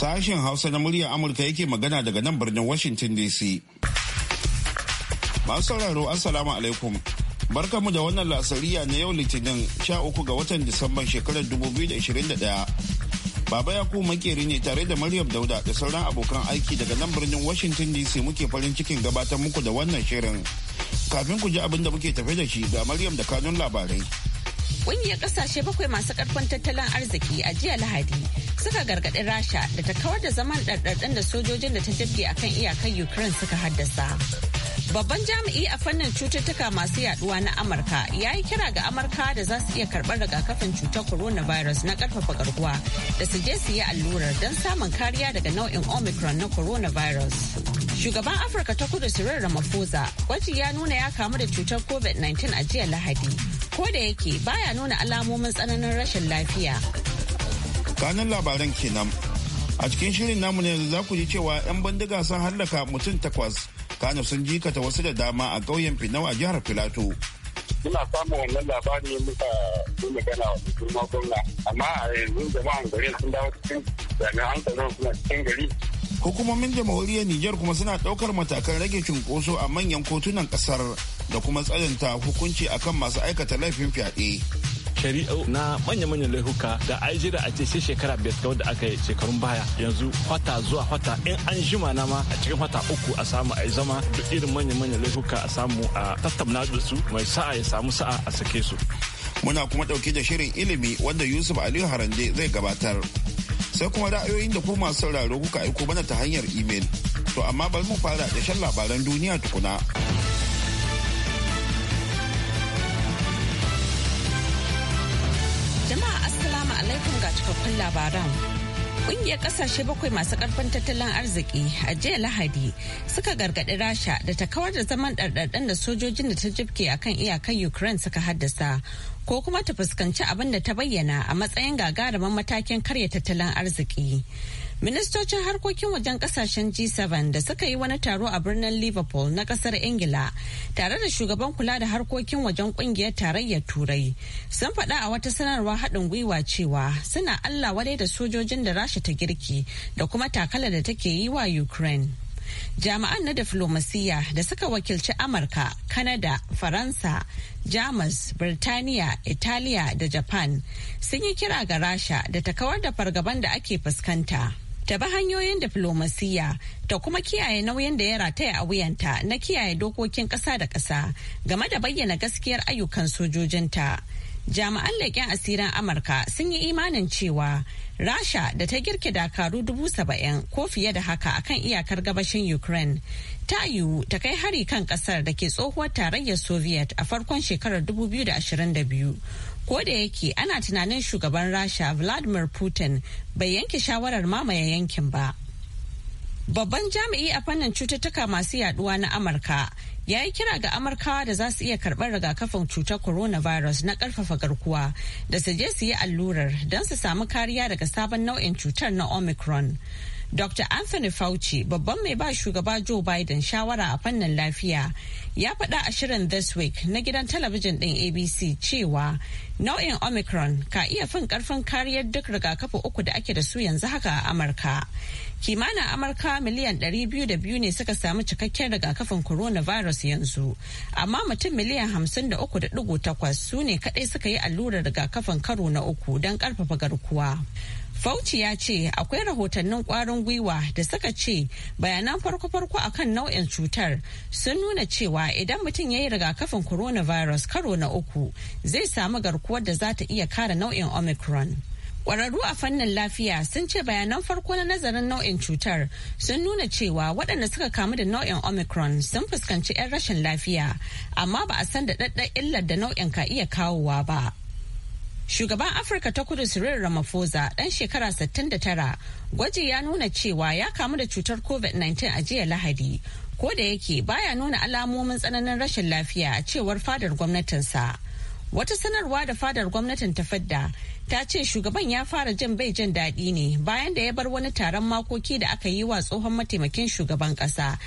Sashen Hausa na muryar Amurka yake magana daga nan birnin Washington DC. Masu sauraro Assalamu alaikum. Barkamu da wannan lasariya na yau Litinin sha uku ga watan Disamban shekarar 2021. Baba Yakubu makeri ne tare da Maryam Dauda da sauran abokan aiki daga nan birnin Washington DC muke farin cikin gabatar muku da wannan shirin. Kafin ku ji abin da muke tafe da shi ga Maryam da kanun labarai. Ƙungiyar ƙasashe bakwai masu ƙarfin tattalin arziki a jiya Lahadi suka gargaɗi Rasha da ta kawar da zaman ɗarɗarɗin da sojojin da ta jirgi a kan iyakar Ukraine suka haddasa. Babban jami'i a fannin cututtuka masu yaduwa na Amurka ya yi kira ga Amurka da za su iya karɓar rigakafin cutar coronavirus na karfafa garkuwa da su je su yi allurar don samun kariya daga nau'in Omicron na coronavirus. Shugaban Afirka ta kudu Cyril Ramaphosa gwaji ya nuna ya kamu da cutar COVID-19 a jiya Lahadi. ko da yake baya nuna alamomin tsananin rashin lafiya. kanan labaran kenan. A cikin shirin namu ne za ku ji cewa 'yan bandiga sun hallaka mutum takwas, kano sun jikata wasu da dama a ƙauyen Finau a jihar Filato. Muna samun wannan labari muka yi magana wa girma gwamna, amma a yanzu jama'an gari sun dawo cikin jami'an tsaro suna cikin gari. Hukumomin jamhuriyar Nijar kuma suna ɗaukar matakan rage cunkoso a manyan kotunan ƙasar da kuma tsananta hukunci akan masu aikata laifin fyaɗe. shari'o na manya-manyan laifuka da ai jira a ce sai shekara biyar ga wanda aka yi shekarun baya yanzu fata zuwa fata in an jima na ma a cikin fata uku a samu a zama duk irin manya-manyan laifuka a samu a tattauna da su mai sa'a ya samu sa'a a sake su. Muna kuma ɗauke da shirin ilimi wanda Yusuf Aliyu Harande zai gabatar. Sai kuma ra'ayoyin da ku masu sauraro kuka aiko mana ta hanyar imel. To amma bari mu fara da shan labaran duniya tukuna. alaikum ga cikakkun labaran. Kungiyar kasashe bakwai masu karfin tattalin arziki a jiya Lahadi suka gargaɗi Rasha da ta kawar da zaman ɗarɗarɗen da sojojin da ta jibke a kan iyakan Ukraine suka haddasa ko kuma ta fuskanci abin da ta bayyana a matsayin gagarumin matakin karya tattalin arziki. Ministocin harkokin wajen kasashen G7 da suka yi wani taro a birnin Liverpool na kasar Ingila tare da shugaban kula da harkokin wajen kungiyar tarayyar Turai sun faɗa a wata sanarwa haɗin gwiwa cewa suna Allah wadai da sojojin da Rasha ta girki da kuma takala da take yi wa Ukraine. Jama'an na diflomasiya da suka wakilci Amurka, Kanada, Faransa, Jamus, Birtaniya, Italiya da Japan sun yi kira ga Rasha da ta kawar da fargaban da ake fuskanta. ta bi hanyoyin diflomasiyya ta kuma kiyaye nauyin da ya rataya a wuyanta na kiyaye dokokin ƙasa da ƙasa game da bayyana gaskiyar ayyukan sojojinta. Jami'an leƙen asirin Amurka sun yi imanin cewa Rasha da ta girke dakaru dubu saba'in ko fiye da haka akan iyakar gabashin Ukraine ta yiwu ta kai hari kan ƙasar da ke tsohuwar tarayyar Soviet a farkon shekarar biyu. ko da yake ana tunanin shugaban rasha vladimir putin bai yanke shawarar mamaye yankin ba babban jami'i a fannin cututtuka masu yaduwa na amurka ya yi kira ga amurkawa da za su iya karɓar rigakafin cutar coronavirus na ƙarfafa garkuwa da su je su yi allurar don su samu kariya daga sabon nau'in cutar na omicron Dr. Anthony Fauci, babban mai ba shugaba Joe Biden shawara a fannin lafiya, ya faɗa a shirin This Week na gidan talabijin ɗin ABC cewa nau'in Omicron ka iya fin ƙarfin kariyar duk rigakafi uku da ake da su yanzu haka a Amurka. kimanin amurka miliyan 202 ne suka samu cikakken rigakafin coronavirus yanzu amma mutum miliyan 53.8 su ne kadai suka yi allurar rigakafin karo na uku don ƙarfafa garkuwa Fauci ya ce akwai rahotannin kwarin gwiwa da suka ce bayanan farko-farko a kan nau'in cutar sun nuna cewa idan mutum ya yi rigakafin coronavirus karo na uku zai samu garkuwar da za ta iya kare nau'in omicron. Kwararru a fannin lafiya sun ce bayanan farko na nazarin nau'in cutar sun nuna cewa waɗanda suka kamu da nau'in omicron sun fuskanci 'yan rashin lafiya amma ba a san da illar da nau'in ka iya kawowa ba. Shugaban Afirka ta kudu Cyril Ramaphosa ɗan shekara 69 gwaji ya nuna cewa ya kamu da cutar COVID-19 a jiya Lahadi. Ko da yake baya nuna alamomin tsananin rashin lafiya a cewar fadar gwamnatinsa. Wata sanarwa da fadar gwamnatin ta fadda ta ce shugaban ya fara jin bai jin daɗi ne bayan da ya bar wani taron makoki da aka yi wa tsohon mataimakin shugaban ƙasa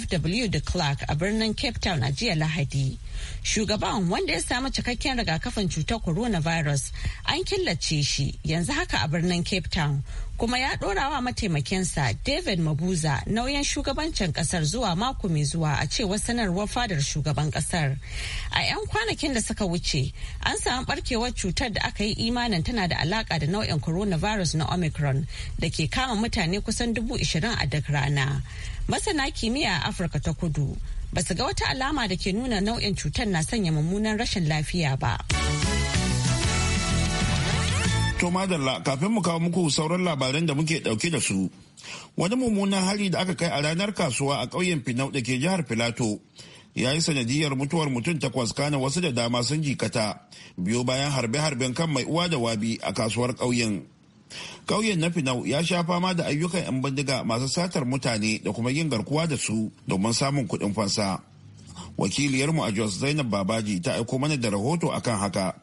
fw de clark a birnin cape town a jiya lahadi shugaban wanda ya samu cikakken rigakafin cutar coronavirus an killace shi yanzu haka a birnin cape town kuma ya ɗora wa mataimakinsa david mabuza nauyin shugabancin kasar zuwa mako mai zuwa a cewar sanarwar fadar shugaban kasar. a 'yan kwanakin da suka wuce an samu barkewar cutar da aka yi imanin tana da alaka da nau'in coronavirus na Omicron da ke kama mutane kusan dubu ishirin a duk rana. Masana kimiyya a Afirka ta kudu ba su ga wata alama da ke nuna nau'in cutar na sanya mummunan rashin lafiya ba. To madalla kafin mu kawo muku sauran labaran da muke dauke da su. Wani mummunan hari da aka kai a ranar kasuwa a ƙauyen Finau da ke jihar Filato ya yi sanadiyar mutuwar mutum takwas kana wasu da dama sun jikata biyo bayan harbe-harben kan mai uwa da wabi a kasuwar ƙauyen ƙauyen na finau ya sha fama da ayyukan 'yan bindiga masu satar mutane da kuma yin garkuwa da su domin samun kuɗin fansa wakiliyarmu a jos zainab babaji ta aiko mana da rahoto akan haka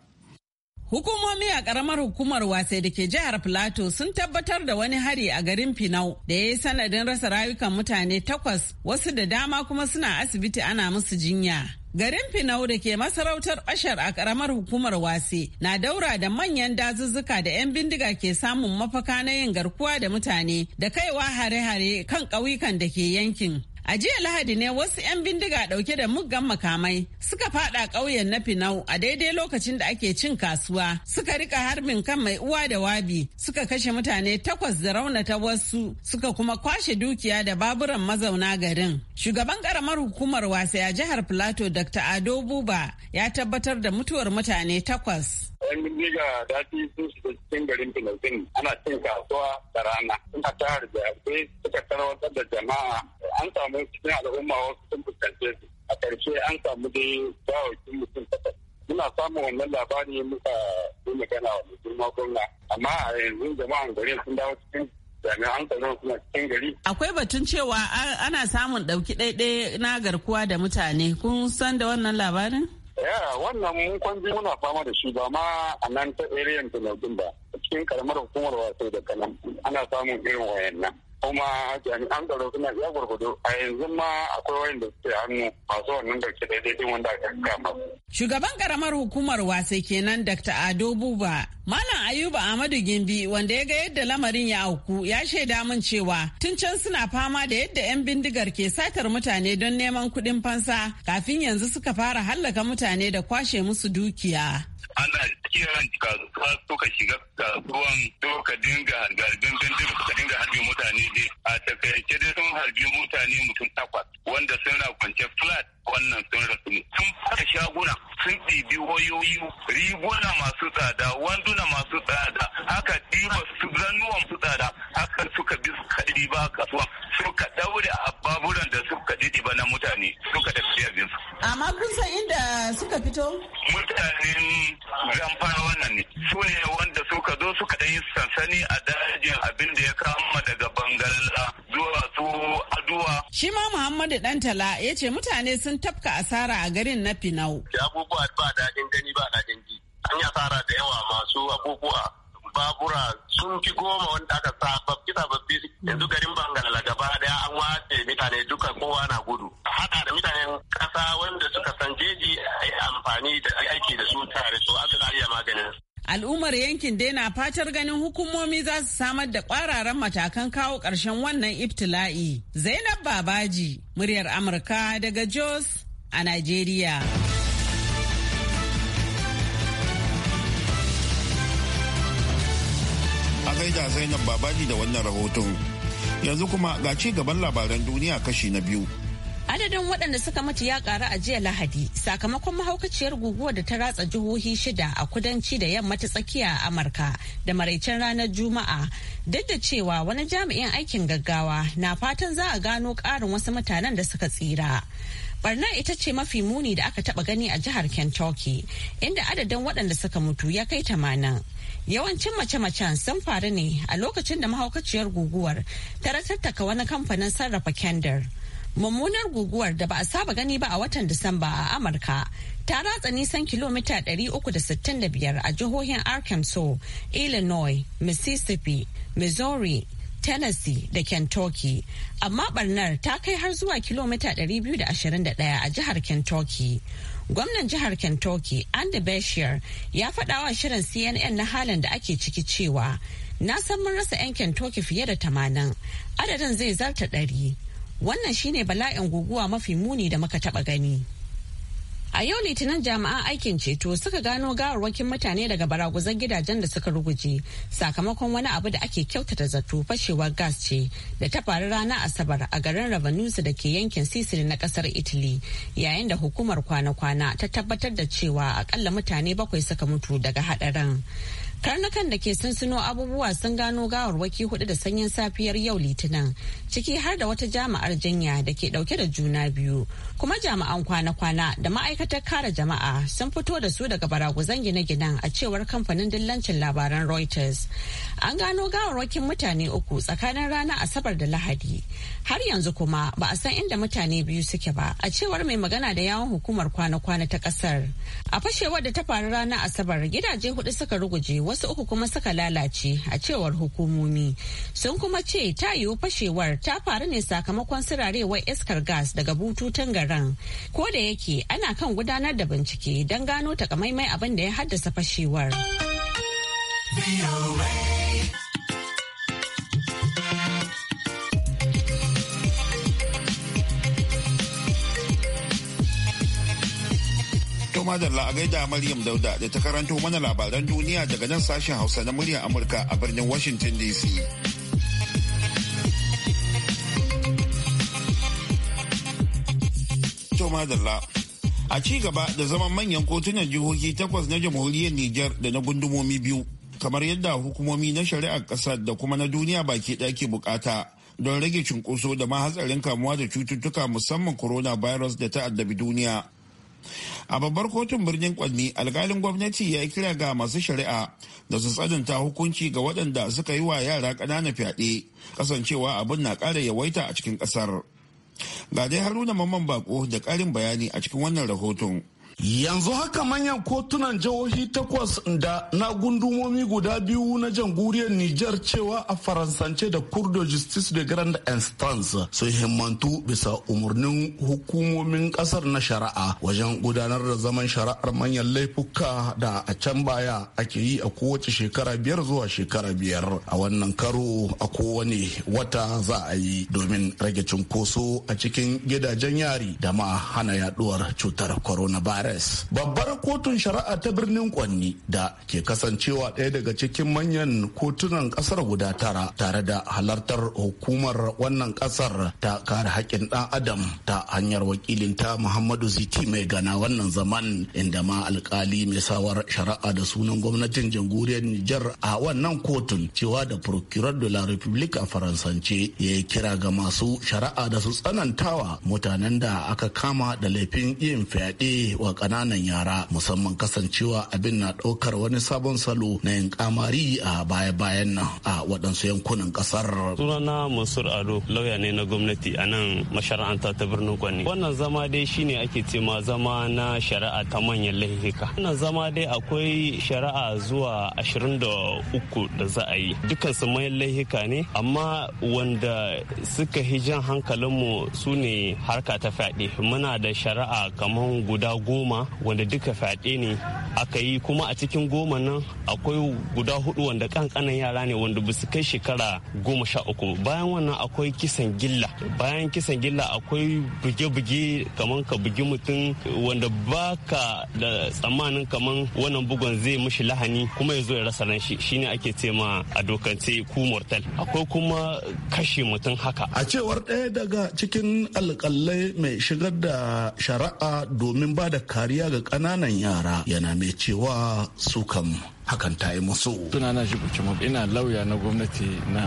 Hukumomi a ƙaramar hukumar wasai da ke jihar Filato sun tabbatar da wani hari a garin Finau da ya yi sanadin rasa rayukan mutane takwas wasu da dama kuma suna asibiti ana musu jinya. Garin Finau da ke masarautar Ashar a ƙaramar hukumar wase na daura da manyan dazuzzuka da 'yan bindiga ke samun mafaka na yin garkuwa da mutane da kaiwa hare-hare kan ƙauyukan da ke yankin. A jiya Lahadi ne wasu 'yan bindiga dauke da muggan makamai suka fada ƙauyen na Finau a daidai lokacin da ake cin kasuwa suka rika harbin kan mai uwa da wabi suka kashe mutane takwas da raunata wasu suka kuma kwashe dukiya da baburan mazauna garin. Shugaban karamar hukumar wasa ya jihar Filato Dr. Ado Buba ya tabbatar da mutuwar mutane takwas. Yan bindiga daji su shiga cikin garin Filistin ana cin kasuwa da rana. Suna ta harbe harbe suka tarwatar da jama'a an samu cikin al'umma wasu sun fuskance su. A ƙarshe an samu dai gawakin mutum takwas. Muna samun wannan labari muka yi magana wa mutum gwamna amma a yanzu jama'an garin sun dawo cikin jami'an tsaron suna cikin gari. Akwai batun cewa ana samun ɗauki ɗaiɗai na garkuwa da mutane. Kun san da wannan labarin? Ya wannan mun kwanji muna fama da shi ba ma a nan ta area ta ba. Cikin karamar hukumar wasu da kanan ana samun irin wayannan. kuma jami'an tsaro suna iya gwargwado a yanzu ma akwai wanda suke hannu masu wannan da ke daidai wanda aka kama Shugaban karamar hukumar wasai kenan Dr. Ado Buba, Malam Ayuba Ahmadu Gimbi wanda ya ga yadda lamarin ya auku ya shaida min cewa tun can suna fama da yadda 'yan bindigar ke satar mutane don neman kuɗin fansa kafin yanzu suka fara hallaka mutane da kwashe musu dukiya. Ana kiran kasuwa ka shiga kasuwan ka dinga harbin bindiga ka dinga harbi mutane dai a takaice dai sun harbi mutane mutum takwas wanda suna kwance flat wannan sun rasu ne sun fara shaguna sun ɗibi wayoyi riguna masu tsada wanduna masu tsada haka ɗiba su zannuwan su tsada haka suka bi suka ɗiba kasuwa suka ɗaure a baburan da suka ɗiba na mutane suka tafi yanzu. amma kun san inda suka fito? mutanen zamfa Nufawa wannan ne su ne wanda suka zo suka ɗan yi sansani a dajin abin da ya kama daga Bangalala zuwa su Aduwa. Shi ma Muhammadu Dantala ya ce mutane sun tafka asara a garin na Pinau. Abubuwa ba daɗin gani ba daɗin ji. An yi asara da yawa masu abubuwa babura sun fi goma wanda aka sa sababbi babbi yanzu garin Bangalala gaba daya an wace mutane duka kowa na gudu. A haɗa da mutanen ƙasa wanda suka san amfani da aiki da su tare su aka za maganin. Al'ummar yankin dai na fatar ganin hukumomi za su samar da kwararan matakan kawo ƙarshen wannan ibtila'i. Zainab Babaji, muryar Amurka daga Jos a Najeriya. A gaida Zainab Babaji da wannan rahoton. Yanzu kuma ga ci gaban labaran duniya kashi na biyu. Adadin waɗanda suka mutu ya ƙaru a jiya Lahadi sakamakon mahaukaciyar guguwar da ta ratsa jihohi shida a kudanci da yamma ta tsakiya a Amurka da maraicen ranar Juma'a duk da cewa wani jami'in aikin gaggawa na fatan za a gano ƙarin wasu mutanen da suka tsira. barna ita ce mafi muni da aka taba gani a jihar kentucky inda adadin waɗanda suka mutu ya kai tamanin yawancin mace-macen sun faru ne a lokacin da mahaukaciyar guguwar ta ratattaka wani kamfanin sarrafa kendir mummunar guguwar da ba a saba gani ba a watan Disamba a Amurka ta ratsa nisan kilomita 365 a jihohin Arkansas, Illinois, Mississippi, Missouri, Tennessee da Kentucky, amma barnar ta kai har zuwa kilomita 221 a jihar Kentucky. Gwamnan jihar Kentucky, Andy Beshear, ya faɗawa shirin CNN na halin da ake ciki cewa, na san mun rasa 'yan Kentucky fiye da tamanin, adadin zai zarta ɗari. Wannan shine bala'in guguwa mafi muni da muka taɓa gani. A yau litinin jami'an aikin ceto suka gano gawarwakin mutane daga baraguzan gidajen da suka ruguje sakamakon wani abu da ake kyautata zato fashewar gas ce da ta faru ranar Asabar a garin Ravenusa da ke yankin sisiri na kasar Italy yayin da hukumar kwana-kwana ta tabbatar da cewa akalla mutane bakwai suka mutu daga hadarin. karnukan da ke sunsuno abubuwa sun gano gawarwaki hudu da sanyin safiyar yau litinin ciki har da wata jami'ar jinya da ke dauke da juna biyu kuma jami'an kwana-kwana da ma'aikatar kare jama'a sun fito da su daga baraguzan gine-ginen a cewar kamfanin dillancin labaran reuters an gano gawar wakin mutane uku tsakanin rana asabar da lahadi har yanzu kuma ba a san inda mutane biyu suke ba a cewar mai magana da yawon hukumar kwana-kwana ta kasar a fashewar da ta faru ranar asabar gidaje hudu suka ruguje wasu uku kuma suka lalace a cewar hukumomi sun kuma ce ta yiwu fashewar ta faru ne sakamakon sirarewar iskar gas daga bututun garin ko da yake ana kan gudanar da bincike don gano takamaimai abin da ya haddasa fashewar. madalla a gaida Maryam Dauda da ta karanto mana labaran duniya daga nan sashen Hausa na muryar Amurka a birnin Washington DC. madalla a ci gaba da zaman manyan kotunan jihohi takwas na jamhuriyar Nijar da na gundumomi biyu kamar yadda hukumomi na shari'ar ƙasar da kuma na duniya baki ɗaya ke bukata don rage cunkoso da ma hatsarin kamuwa da cututtuka musamman coronavirus da ta addabi duniya. a babbar kotun birnin kwanni alkalin gwamnati ya yi kira ga masu shari'a da su tsananta hukunci ga waɗanda suka yi wa yara ƙanana fyaɗe kasancewa abin na ƙara yawaita a cikin ƙasar ga dai haruna mamman bako da ƙarin bayani a cikin wannan rahoton Yanzu haka manyan kotunan jihohi takwas da na gundumomi guda biyu na jamhuriyar Nijar cewa a faransance da Kurdo Justice de Grand Instance sun himmantu bisa umarnin hukumomin kasar na shari'a wajen gudanar da zaman shari'ar manyan laifuka da a can baya ake yi a kowace shekara biyar zuwa shekara biyar a wannan karo a kowane wata za a yi domin rage cunkoso a cikin gidajen yari da ma hana yaduwar cutar coronavirus. Paris. Babbar kotun shari'a ta birnin Kwanni da ke kasancewa ɗaya daga cikin manyan kotunan ƙasar guda tara tare da halartar hukumar wannan ƙasar ta kare haƙƙin ɗan adam ta hanyar wakilinta Muhammadu Ziti mai gana wannan zaman inda ma alkali mai sawar shari'a da sunan gwamnatin jamhuriyar Nijar a wannan kotun cewa da Procureur de la République a Faransance ya yi kira ga masu shari'a da su tsanantawa mutanen da aka kama da laifin yin fyaɗe wa ƙananan yara musamman kasancewa abin na ɗaukar wani sabon salo na yin kamari a baya-bayan nan a waɗansu yankunan ƙasar. Sunana Mansur Ado lauya ne na gwamnati a nan mashara'anta ta birnin Kwani. Wannan zama dai shine ake ce ma zama na shari'a ta manyan laifuka. Wannan zama dai akwai shari'a zuwa ashirin da uku da za a yi. Dukkan su manyan laifuka ne amma wanda suka hijan hankalinmu su ne harka ta fyaɗe. Muna da shari'a kamar guda goma goma wanda duka fyaɗe ne aka yi kuma a cikin goma nan akwai guda hudu wanda kankanan yara ne wanda ba kai shekara goma sha uku bayan wannan akwai kisan gilla bayan kisan gilla akwai buge-buge kamar ka bugi mutum wanda baka da tsammanin kaman wannan bugon zai mushi lahani kuma ya zo ya rasa ran shi shine ake ce ma a dokance ku mortal akwai kuma kashe mutum haka a cewar ɗaya daga cikin alƙalai mai shigar da shari'a domin ba da kariya ga ƙananan yara yana mai cewa su hakan ta yi musu. Sunana shi Bukimu ina lauya na gwamnati eh, na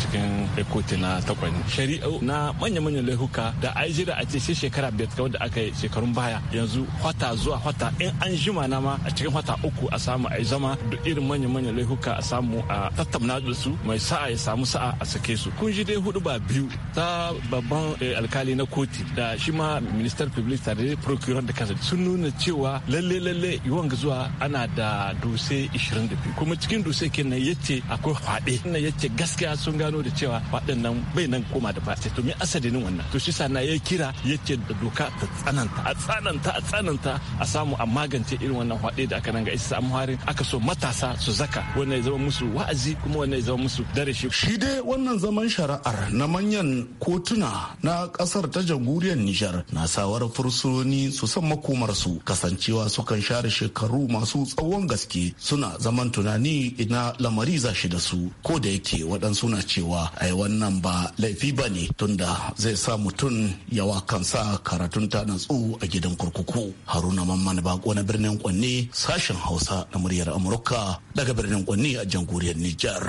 cikin koti na takwani. Shari'o na manya-manyan laihuka da a yi a ce shekara biyar kawai da aka yi shekarun baya yanzu hwata zuwa hwata in an jima na ma a cikin hwata uku a samu a zama da irin manya-manyan laihuka a samu a tattauna da su mai sa'a ya samu sa'a a sake su. Kun ji dai hudu ba biyu ta babban eh, alkali na koti da shi ma ministan public tare da procurer da kansa sun nuna cewa lalle-lalle yawan zuwa ana da dose 2022 kuma cikin kenan ya ce akwai kwaɗe na ya ce gaskiya sun gano da cewa faɗin nan bai nan koma da face to me asalin wannan to shi sana ya kira ya ce da doka ta tsananta a tsananta a tsananta a samu a magance irin wannan kwaɗe da aka nan ga isa harin aka so matasa su zaka wannan ya zama musu wa'azi kuma wannan ya zama musu darashi shi dai wannan zaman shari'ar na manyan kotuna na kasar ta jamhuriyar Nijar na sawar fursuni su san makomarsu kasancewa sukan share shekaru masu tsawon gaske suna suna zaman tunani ina lamari za shi da su ko da yake waɗansu na cewa ai wannan ba laifi ba ne tunda zai sa mutum yawa kansa karatun ta natsu a gidan kurkuku haruna mamman bako na birnin kwanne sashen hausa na muryar amurka daga birnin kwanne a jamhuriyar nijar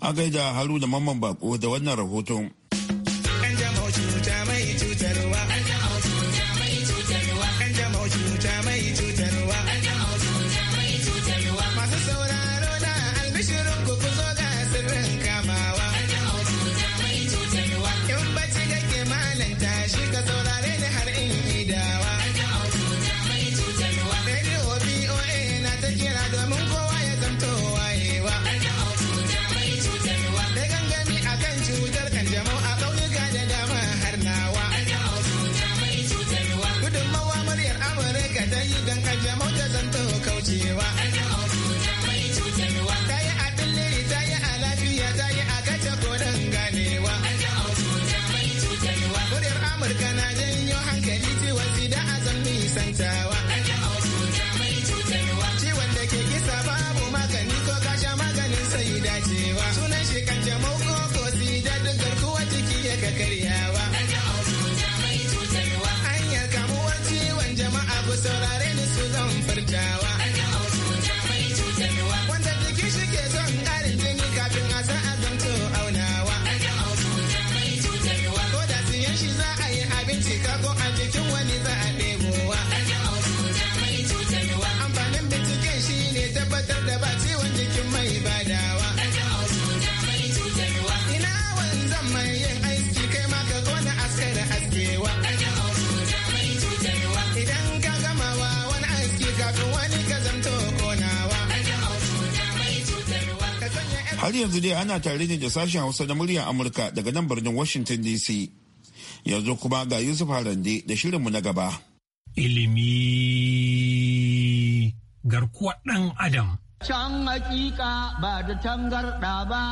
a gaida haruna mamman bako da wannan rahoton sai tashi ka zo Har yanzu dai ana tare ne da sashen Hausa na muryar Amurka daga nan birnin Washington DC. Yanzu kuma ga Yusuf Harande da shirinmu na gaba. Ilimi garkuwa dan Adam. Can hakika ba da tangarɗa ba,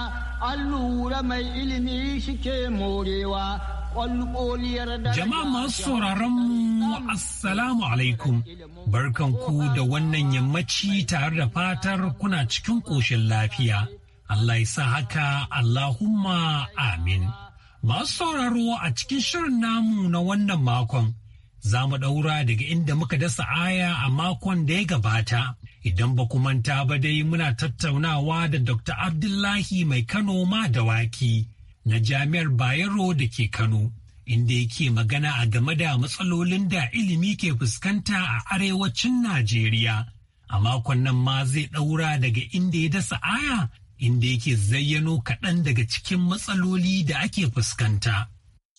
an lura mai ilimi shike morewa. Jama'a masu sauraron mu Assalamu alaikum, barkanku da wannan yammaci tare da fatar kuna cikin ƙoshin lafiya. Allah ya sa haka Allahumma amin. Masu sauraro a cikin shirin namu na wannan makon, za mu ɗaura daga inda muka dasa aya a makon da ya gabata. Idan ba manta ba dai muna tattaunawa da Dr. Abdullahi mai Kano ma da na Jami'ar Bayero da ke Kano, inda yake magana a game da matsalolin da ilimi ke fuskanta a arewacin Najeriya. A makon nan ma zai ɗaura daga inda ya dasa aya inda yake zayyano kaɗan daga cikin matsaloli da ake fuskanta.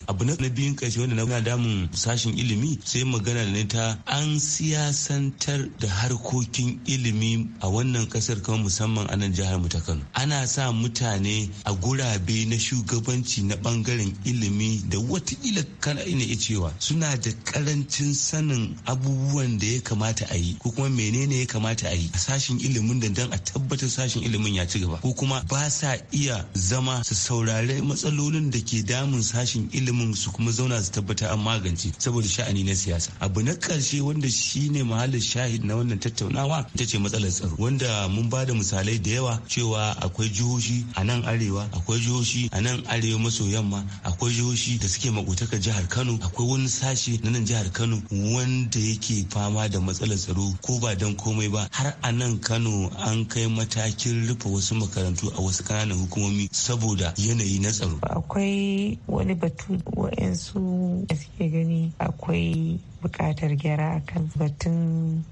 abu na biyun kashi wanda na damun sashen ilimi sai magana da ne ta an siyasantar da harkokin ilimi a wannan kasar kan musamman a nan jihar mu ta kano ana sa mutane a gurabe na shugabanci na bangaren ilimi da watakila kana ina cewa suna da karancin sanin abubuwan da ya kamata a yi ko kuma menene ya kamata a yi a sashen ilimin da dan a tabbatar sashen ilimin ya ci gaba ko kuma ba sa iya zama su saurari matsalolin da ke damun sashen ilimin ilimin su kuma zauna su tabbata an magance saboda sha'ani na siyasa abu na karshe wanda shine mahallin shahid na wannan tattaunawa ita ce matsalar tsaro wanda mun ba da misalai da yawa cewa akwai jihohi a nan arewa akwai jihohi a nan arewa maso yamma akwai jihohi da suke makotakar jihar kano akwai wani sashe na nan jihar kano wanda yake fama da matsalar tsaro ko ba don komai ba har a nan kano an kai matakin rufe wasu makarantu a wasu kananan hukumomi saboda yanayi na tsaro akwai wani batu da suke gani akwai Bukatar gyara akan batun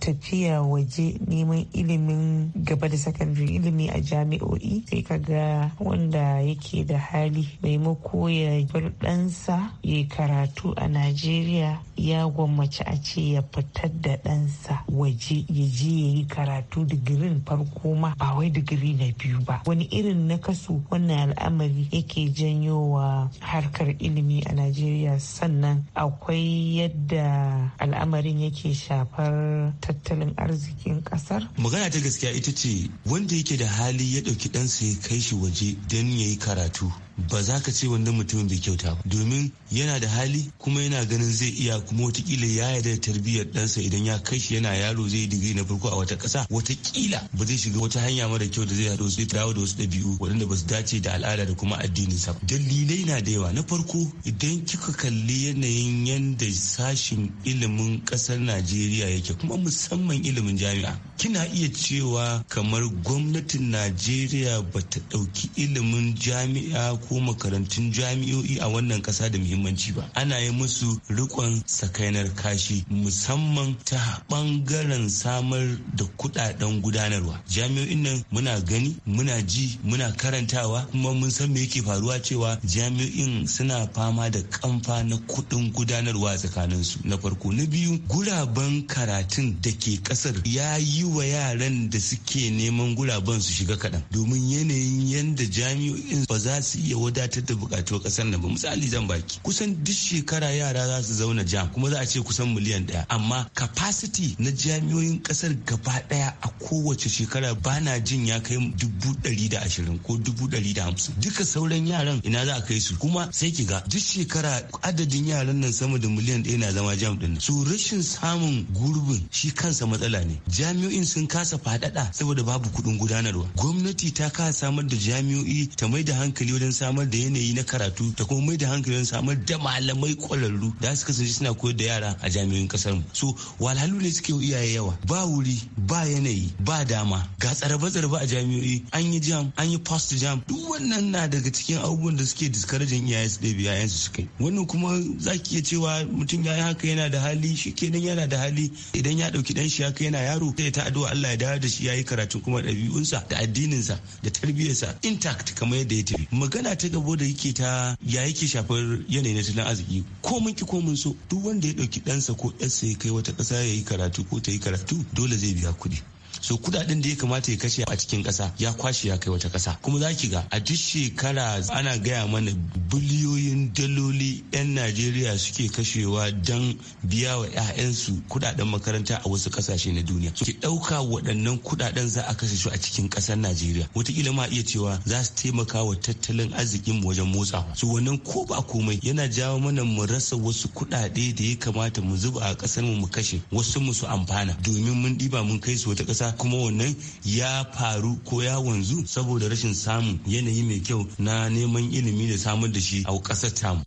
tafiya waje neman ilimin gaba da sakandare ilimi a jami'o'i sai kaga wanda yake da hali maimako ya bar ɗansa ya karatu a najeriya ya gwammaci a ce ya fitar da ɗansa waje ya je ya yi karatu digirin farko ma ba wai digiri na biyu ba wani irin na kasu wannan al'amari yake janyowa harkar ilimi a najeriya sannan akwai yadda al'amarin yake shafar tattalin arzikin kasar? Magana ta gaskiya ita ce wanda yake da hali ya ɗauki ɗansa ya kai shi waje don ya yi karatu ba za ka ce wannan mutumin bai kyauta ba domin yana da hali kuma yana ganin zai iya kuma watakila ya yarda da tarbiyyar ɗansa idan ya kai shi yana yaro zai digiri na farko a wata ƙasa watakila ba zai shiga wata hanya mara kyau da zai haɗu zai dawo da wasu ɗabi'u waɗanda ba su dace da al'ada da kuma addinin sa dalilai na da yawa na farko idan kika kalli yanayin yanda sashin ilimin ƙasar Najeriya yake kuma musamman ilimin jami'a kina iya cewa kamar gwamnatin Najeriya ba ta ɗauki ilimin jami'a ko makarantun jami'o'i a wannan kasa da muhimmanci ba ana yi musu rikon sakainar kashi musamman ta bangaren samar da kuɗaɗen gudanarwa jami'o'in nan muna gani muna ji muna karantawa kuma mun san me yake faruwa cewa jami'o'in suna fama da kamfa na kuɗin gudanarwa tsakanin su na farko na biyu guraben karatun da ke ƙasar ya yi wa yaran da suke neman guraben su shiga kaɗan domin yanayin yadda jami'o'in ba za su iya wadatar da bukatu kasar nan ba misali zan baki kusan duk shekara yara za su zauna jam kuma za a ce kusan miliyan daya amma capacity na jami'oyin kasar gaba daya a kowace shekara bana jin ya kai dubu dari da ashirin ko dubu dari da hamsin duka sauran yaran ina za a kai su kuma sai ki ga duk shekara adadin yaran nan sama da miliyan daya na zama jam din su rashin samun gurbin shi kansa matsala ne jami'o'in sun kasa faɗaɗa saboda babu kuɗin gudanarwa gwamnati ta kasa samar da jami'o'i ta mai da hankali wajen sa samar da yanayi na karatu da kuma mai da hankalin samar da malamai kwararru da su kasance suna koyar da yara a jami'in kasar mu so walhalu ne suke iyaye yawa ba wuri ba yanayi ba dama ga tsarabe-tsarabe a jami'o'i an yi jam an yi post jam duk wannan na daga cikin abubuwan da suke diskarajin iyaye su ɗabi yayan su suka wannan kuma za ki iya cewa mutum ya yi haka yana da hali shi kenan yana da hali idan ya ɗauki ɗan shi haka yana yaro sai ta addu'a Allah ya dawo da shi ya yi karatu kuma ɗabi'unsa da addininsa da tarbiyyarsa intact kamar yadda ya tafi magana matsala ta gabo da yake ta ya yake shafar yanayi na tattalin arziki ko mun ki ko mun so duk wanda ya ɗauki ɗansa ko ɗansa ya kai wata ƙasa ya yi karatu ko ta yi karatu dole zai biya kuɗi so kudaden da ya kamata ya kashe a cikin kasa ya kwashe ya kai wata kasa kuma za ki ga a duk shekara ana gaya mana biliyoyin daloli 'yan najeriya suke kashewa don biya wa 'ya'yansu kudaden makaranta a wasu kasashe na duniya ki dauka waɗannan kudaden za a kashe su a cikin kasar najeriya wataƙila ma iya cewa za su taimaka wa tattalin arzikin wajen motsawa su wannan ko ba komai yana jawo mana mu rasa wasu kudade da ya kamata mu zuba a kasar mu kashe wasu mu su amfana domin mun ɗiba mun kai su wata ƙasa kuma wannan ya faru ko ya wanzu saboda rashin samun yanayi mai kyau na neman ilimi da samar da shi a ƙasar tamu.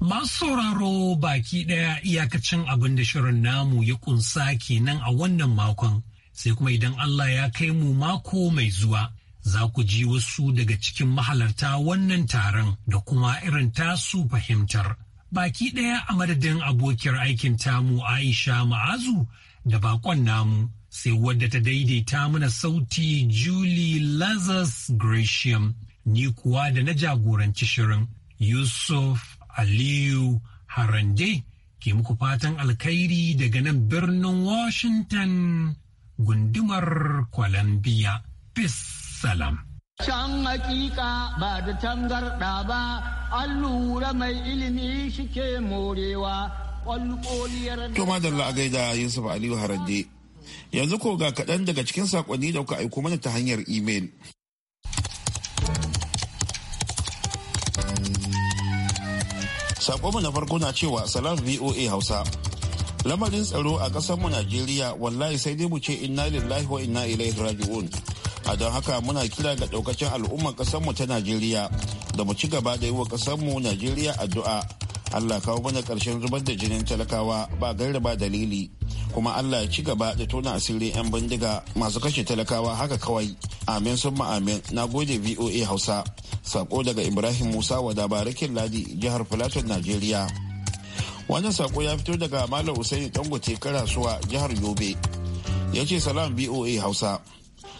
Masu sauraro baki ɗaya iyakacin abin da shirin namu ya kunsa kenan a wannan makon sai kuma idan Allah ya kai mu mako mai zuwa za ku ji wasu daga cikin mahalarta wannan taron da kuma irin tasu fahimtar. Baki ɗaya a madadin abokiyar aikin tamu Aisha Ma'azu da bakon namu. sai wadda ta daidaita mana sauti Julie Lazarus Gresham, ni kuwa da na jagoranci shirin Yusuf Aliyu Harande ke muku fatan alkhairi daga nan birnin Washington gundumar Columbia. Peace salam. Can hakika ba da tangarɗa ba, an lura mai ilimi shi ke morewa. da... madalla a gaida Yusuf Aliyu Harande Yanzu ko ga kaɗan daga cikin saƙonni da kuka aiko mana ta hanyar imel. Sakonmu na farko na cewa salam VOA Hausa. Lamarin tsaro a mu Najeriya wallahi sai dai mu ce inna lillahi wa inna ilaihi raji'un. A don haka muna kira ga ɗaukacin al'ummar mu ta Najeriya da mu ci gaba da yi wa mu Najeriya addu'a Allah kawo mana ƙarshen zubar da jinin talakawa ba gaira ba dalili kuma Allah ya ci gaba da tona asirin 'yan bindiga masu kashe talakawa haka kawai amin sun amin na gode VOA Hausa sako daga Ibrahim Musa wa dabarakin Ladi jihar Filato Najeriya wannan sako ya fito daga Malam Usaini Dangote Karasuwa jihar Yobe ya ce salam VOA Hausa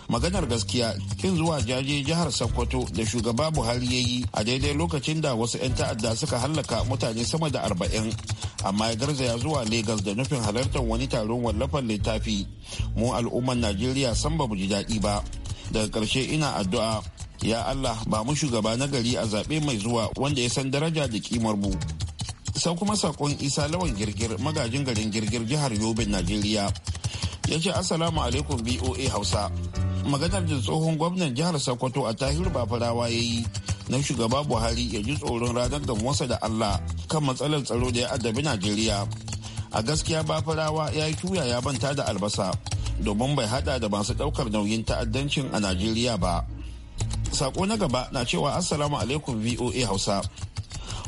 maganar gaskiya kin zuwa jaje jihar sokoto da shugaba buhari ya yi a daidai lokacin da wasu 'yan ta'adda suka hallaka mutane sama da arba'in amma ya garzaya zuwa lagos da nufin halartar wani taron wallafar littafi mu al'ummar najeriya san ba mu ji daɗi ba daga ƙarshe ina addu'a ya allah ba mu shugaba na gari a zaɓe mai zuwa wanda ya san daraja da kimar mu sau kuma sakon isa lawan girgir magajin garin girgir jihar yobin najeriya ya ce assalamu alaikum voa hausa maganar da tsohon gwamnan jihar sokoto a tahir bafarawa ya yi na shugaba buhari ya ji tsoron ranar da wasa da allah kan matsalar tsaro da ya addabi najeriya a gaskiya bafarawa ya yi tuya ya banta da albasa domin bai hada da masu daukar nauyin ta'addancin a najeriya ba sako na gaba na cewa assalamu alaikum voa hausa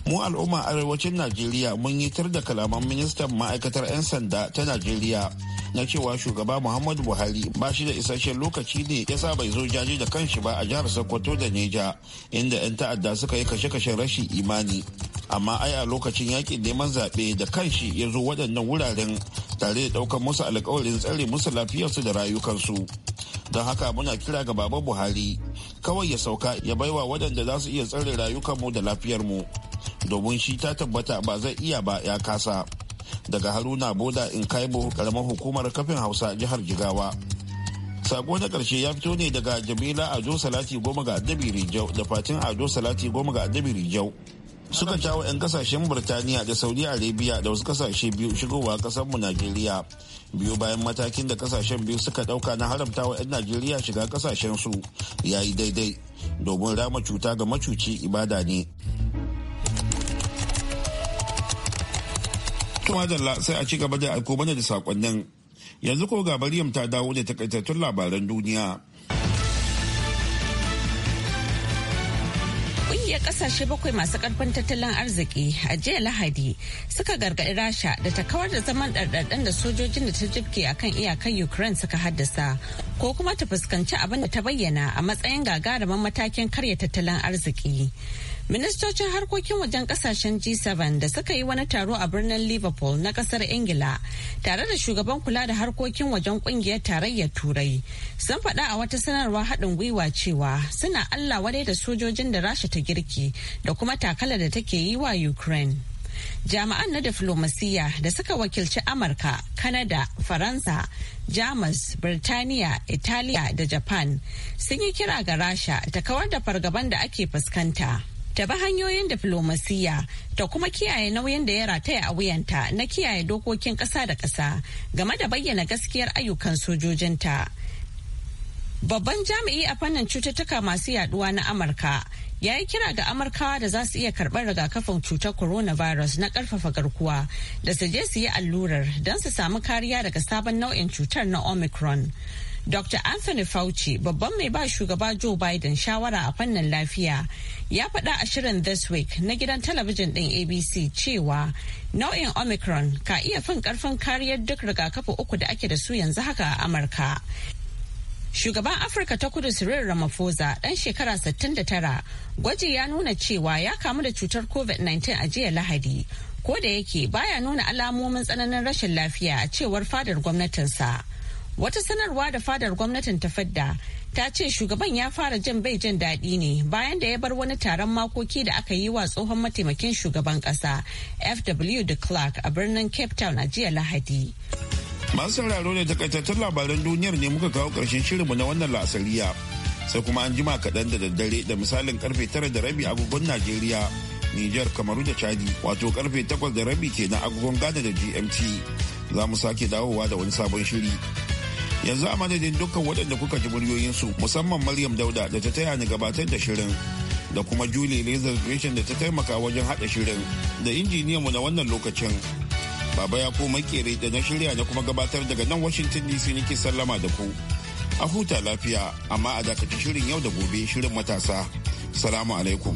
mu al'umma arewacin najeriya mun yi tar da kalaman ministan ma'aikatar 'yan sanda ta najeriya na cewa shugaba muhammadu buhari ba shi da isasshen lokaci ne ya sa bai zo jaji da kanshi ba a jihar sokoto da neja inda 'yan ta'adda suka yi kashe-kashen rashin imani amma ai a lokacin yakin neman zaɓe da kanshi ya zo waɗannan wuraren tare da ɗaukar musu alƙawarin tsare musu lafiyarsu da rayukansu don haka muna kira ga baba buhari kawai ya sauka ya baiwa waɗanda za su iya tsare rayukanmu da lafiyarmu domin shi ta tabbata ba zai iya ba ya kasa daga haruna boda in kaibo karamar hukumar kafin hausa jihar jigawa sako na karshe ya fito ne daga jamila ado salati goma ga adabi rijau da fatin ado salati goma ga adabi rijau suka jawo 'yan kasashen birtaniya da saudi arabia da wasu kasashe biyu shigowa mu najeriya biyu bayan matakin da kasashen biyu suka dauka na haramtawa 'yan najeriya shiga su. ya yi daidai domin rama cuta ga macuci ibada ne kuma Dalla sai a ci gaba da aiko mana da sakonnin. Yanzu ko ga Maryam ta dawo da takaitattun labaran duniya. Ƙungiyar ƙasashe bakwai masu karfin tattalin arziki a jiya Lahadi suka gargaɗi Rasha da ta kawar da zaman ɗarɗarɗen da sojojin da ta jibke a kan iyakan Ukraine suka haddasa ko kuma ta fuskanci abin da ta bayyana a matsayin gagarumin matakin karya tattalin arziki. Ministocin harkokin wajen kasashen G7 da suka yi wani taro a birnin Liverpool na kasar Ingila tare da shugaban kula da harkokin wajen kungiyar tarayyar Turai sun faɗa a wata sanarwa haɗin gwiwa cewa suna Allah wadai da sojojin da Rasha ta girki da kuma takalar da take yi wa Ukraine. Jama'an na diflomasiyya da suka wakilci Amurka, Kanada, Faransa, Jamus, Birtaniya, Italiya da Japan sun yi kira ga Rasha ta kawar da fargaban da ake fuskanta. ta bi hanyoyin diflomasiyya ta kuma kiyaye nauyin da ya rataya a wuyanta na kiyaye dokokin ƙasa da ƙasa game da bayyana gaskiyar ayyukan sojojinta. Babban jami'i a fannin cututtuka masu yaduwa na Amurka ya yi kira ga Amurkawa da za su iya karɓar rigakafin cutar coronavirus na ƙarfafa garkuwa da su je su yi allurar don su samu kariya daga sabon nau'in cutar na Omicron. Dr. Anthony Fauci, babban mai ba shugaba Joe Biden shawara a fannin lafiya, ya faɗa a shirin This Week na gidan talabijin ɗin ABC cewa nau'in Omicron ka iya fin ƙarfin kariyar duk rigakafi uku da ake da su yanzu haka a Amurka. Shugaban Afirka ta kudu Cyril Ramaphosa ɗan shekara 69 gwaji ya nuna cewa ya kamu da cutar COVID-19 a jiya Lahadi. Ko da yake baya nuna alamomin tsananin rashin lafiya a cewar fadar gwamnatinsa. Wata sanarwa da fadar gwamnatin ta fadda ta ce shugaban ya fara jin bai jin daɗi ne bayan da ya bar wani taron makoki da aka yi wa tsohon mataimakin shugaban ƙasa FW de clark a birnin Cape Town a jiya Lahadi. Masu sauraro da takaitattun labaran duniyar ne muka kawo ƙarshen shirinmu na wannan lasariya. Sai kuma an jima kaɗan da daddare da misalin karfe tara da rabi agogon Najeriya, Nijar, Kamaru da Chadi, wato karfe takwas da rabi kenan agogon Ghana da GMT. Za mu sake dawowa da wani sabon shiri. yanzu a madadin dukkan waɗanda kuka ji muryoyinsu musamman maryam dauda da ta taya ni gabatar da shirin da kuma julie laser gresham da ta taimaka wajen haɗa shirin da mu na wannan lokacin baba ya koma kere da na shirya na kuma gabatar daga nan washington dc nake sallama da ku a huta lafiya amma a dakaci shirin yau da gobe shirin matasa salamu alaikum